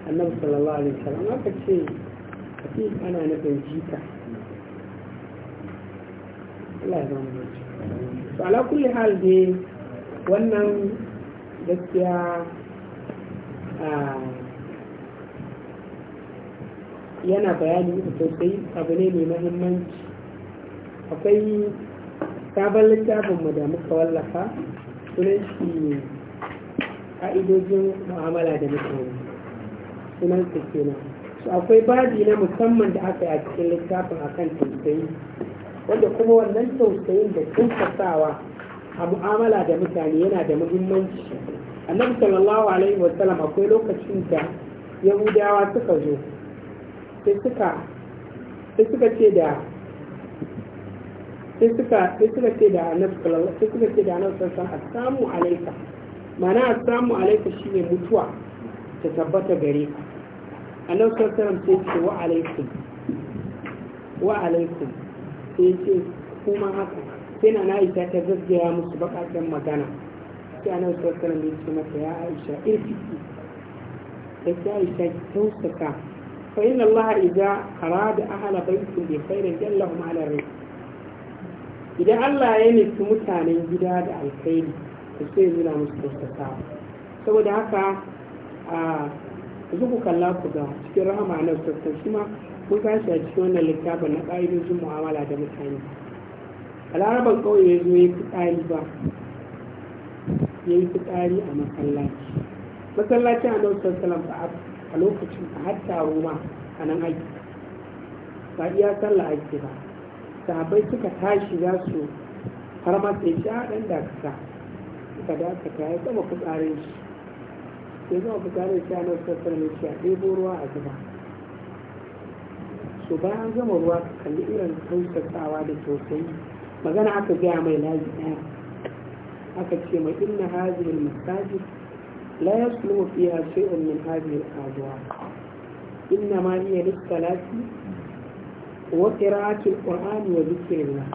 annabi sallallahu alaihi wasallam aka ce hafiz ana nufin jika Allah ya zama zuci to ala kulli hal dai wannan gaskiya yana bayani da tausayi abu ne mai mahimmanci akwai sabon littafinmu da muka wallafa sunan shi ka'idojin mu'amala da mutane nan. su akwai babi na musamman da aka yi a cikin littafin akan tausayi wanda kuma wannan tausayin da fasawa a mu'amala da mutane yana da muhimmanci annabi sallallahu alaihi wa akwai lokacin da yahudawa suka zo sai suka ce da sai suka sai suka ce da annabi sallallahu sai suka ce da annabi sallallahu alaihi wasallam assalamu alayka assalamu alayka shine mutuwa ta tabbata gare ka annabi sallallahu alaihi wasallam sai ce wa alaikum wa alaikum sai ce kuma haka sai na Aisha ta gaggaya musu bakakken magana sai annabi sallallahu alaihi wasallam ya ce mata ya Aisha irfiki sai Aisha ki tausaka fa inna Allah idza arada ahla baitin bi khairin jallahum ala rizqi idan Allah ya nufi mutanen gida da alkhairi to sai nuna musu kyautata saboda haka a yanzu ku kalla ku ga cikin rahama na sassan shi ma mun tashi a cikin wannan littafin na ƙa'idojin mu'amala da mutane a laraban ƙauye ya zo ya fitsari ba ya yi fitsari a masallaci masallacin a nan sassalan a lokacin a hatta roma a nan aiki ba iya sallah ake ba sabai suka tashi za su har ma sai shi haɗin da kasa suka dakata yi zama fitsarin shi ya zama fitsarin shi a nan sassar mai shi a ɗebo ruwa a zuba Su bayan zama ruwa ka kalli irin tausasawa da tausayi magana aka gaya mai layi ɗaya aka ce mai inna hazir masajid la yaslu fiya shay'un min hadhihi al-adwa inna ma iya lis-salati wa qira'atul qur'ani wa zikrillah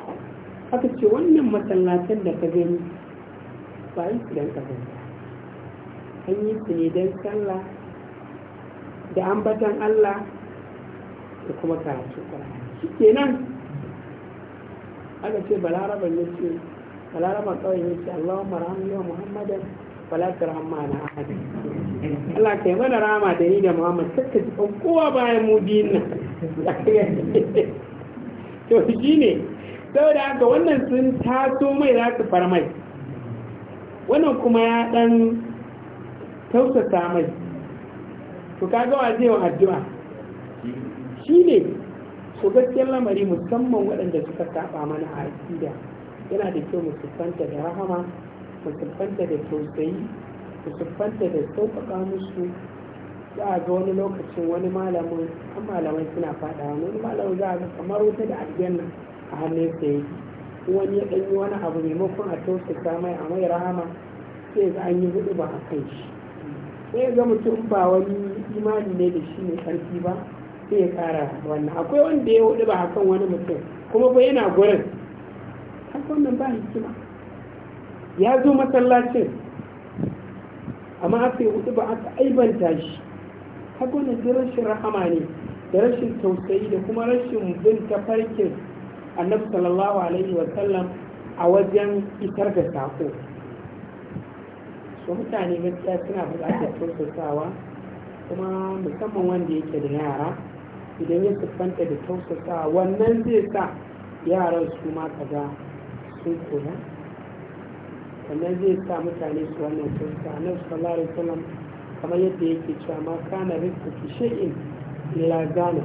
aka ce wannan masallatan da ka gani ba yi su dan ka gani an yi su ne dan sallah da ambatan Allah da kuma karatu qur'ani shikenan haka ce balaraban ce balaraban kawai ce, Allahumma rahmi wa muhammadan fala tarhamma na ahadi Allah kai mana rama da ni da Muhammad kakka ji kowa bayan mu biyun nan to shine saboda haka wannan sun taso mai za su far mai wannan kuma ya dan tausasa mai to ka gawa zai wa addu'a shine so gaskiyar lamari musamman waɗanda suka saba mana a aƙida yana da kyau mu sufanta da rahama ku siffanta da tausayi ku siffanta da sauƙaƙa musu za a ga wani lokacin wani malamin kan malamai suna faɗa wani malamin za a ga kamar wuta da aljanna a hannun sa yake wani ya ɗanyi wani abu maimakon a tausasa mai a mai rahama sai ga an yi hudu ba a kai shi sai ga mutum ba wani imani ne da shi ne ƙarfi ba sai ya ƙara wannan akwai wanda ya hudu ba a kan wani mutum kuma ba yana gurin haka wannan ba hikima ya zo masallacin amma aka yi hudu ba aka aibanta shi haka da rashin rahama ne da rashin tausayi da kuma rashin bin tafarkin annabi sallallahu alaihi wa a wajen isar da sako su mutane gaskiya suna buƙatar tausasawa kuma musamman wanda yake da yara idan ya siffanta da tausasawa wannan zai sa yaran su ma kaga sun kula. sannan zai sa mutane su wannan kyauta nan salari salam kamar yadda yake cewa ma kana rizqa fi shi'in illa zana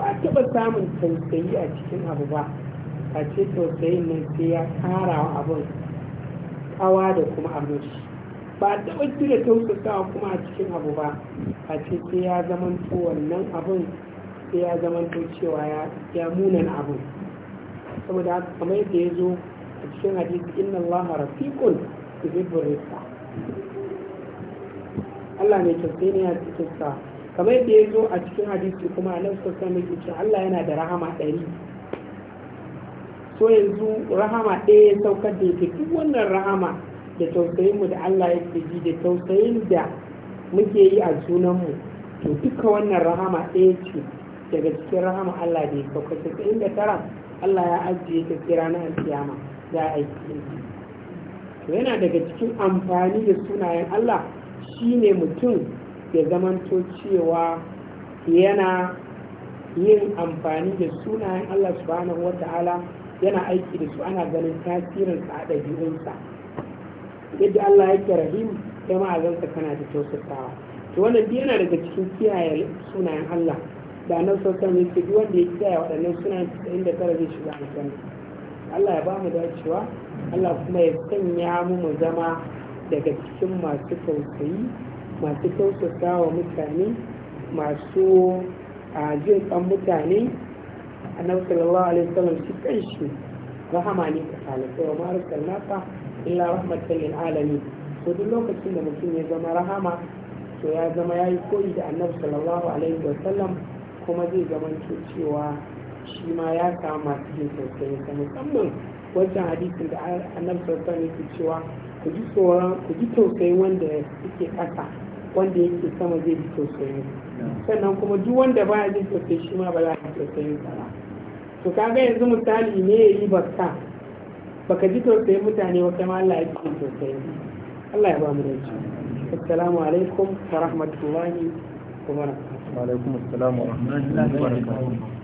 ba taɓa samun tausayi a cikin abu ba a ce tausayin nan sai ya ƙara wa abin kawa da kuma abinci ba taɓa cire tausasawa kuma a cikin abu ba a ce sai ya zamanto wannan abin sai ya zamanto cewa ya munan abin saboda kamar yadda ya zo a cikin hadisi inna allaha rafiqun yuhibbu rifqa Allah ne kyautai ne a cikin sa kamar yadda ya zo a cikin hadisi kuma a nan sassan mai ce Allah yana da rahama ɗari so yanzu rahama ɗaya ya saukar da yake duk wannan rahama da tausayin mu da Allah ya ke ji da tausayin da muke yi a mu, to duka wannan rahama ɗaya ce daga cikin rahama Allah da ya saukar da inda tara Allah ya ajiye ta kira na alkiyama ya aiki to yana daga cikin amfani da sunayen Allah shine mutum ya zamanto cewa yana yin amfani da sunayen Allah subhanahu wa yana aiki da su ana ganin tasirinsa a ɗabi'unsa yadda Allah yake rahim kai ma kana da tausasawa to wannan duk yana daga cikin kiyaye sunayen Allah da nan sosai ne duk wanda ya kiyaye waɗannan sunayen 99 zai shiga aljanna Allah ya ba mu dacewa Allah kuma ya sanya mu mu zama daga cikin masu tausayi masu tausasa wa mutane masu a jin kan mutane annabi sallallahu alaihi wasallam shi kanshi rahama ne ka talaka wa ma arsalnaka illa rahmatan lil alamin to duk lokacin da mutum ya zama rahama to ya zama yayi koyi da annabi sallallahu alaihi wasallam kuma zai zama cewa shi ma ya kama cikin sosai tausayin musamman wancan hadisin da annabi sosai ne wasallam cewa ku ji tsoron ku ji tausayin wanda yake ƙasa wanda yake sama zai ji tausayin sannan kuma duk wanda ba ya jin tausayi shi ma ba za a ji tausayin sa ba to kaga yanzu misali ne ya yi baka baka ji tausayin mutane ba kai ma Allah ya ji tausayin Allah ya ba mu dace assalamu alaikum wa rahmatullahi wa barakatuh wa alaikum assalam wa rahmatullahi wa barakatuh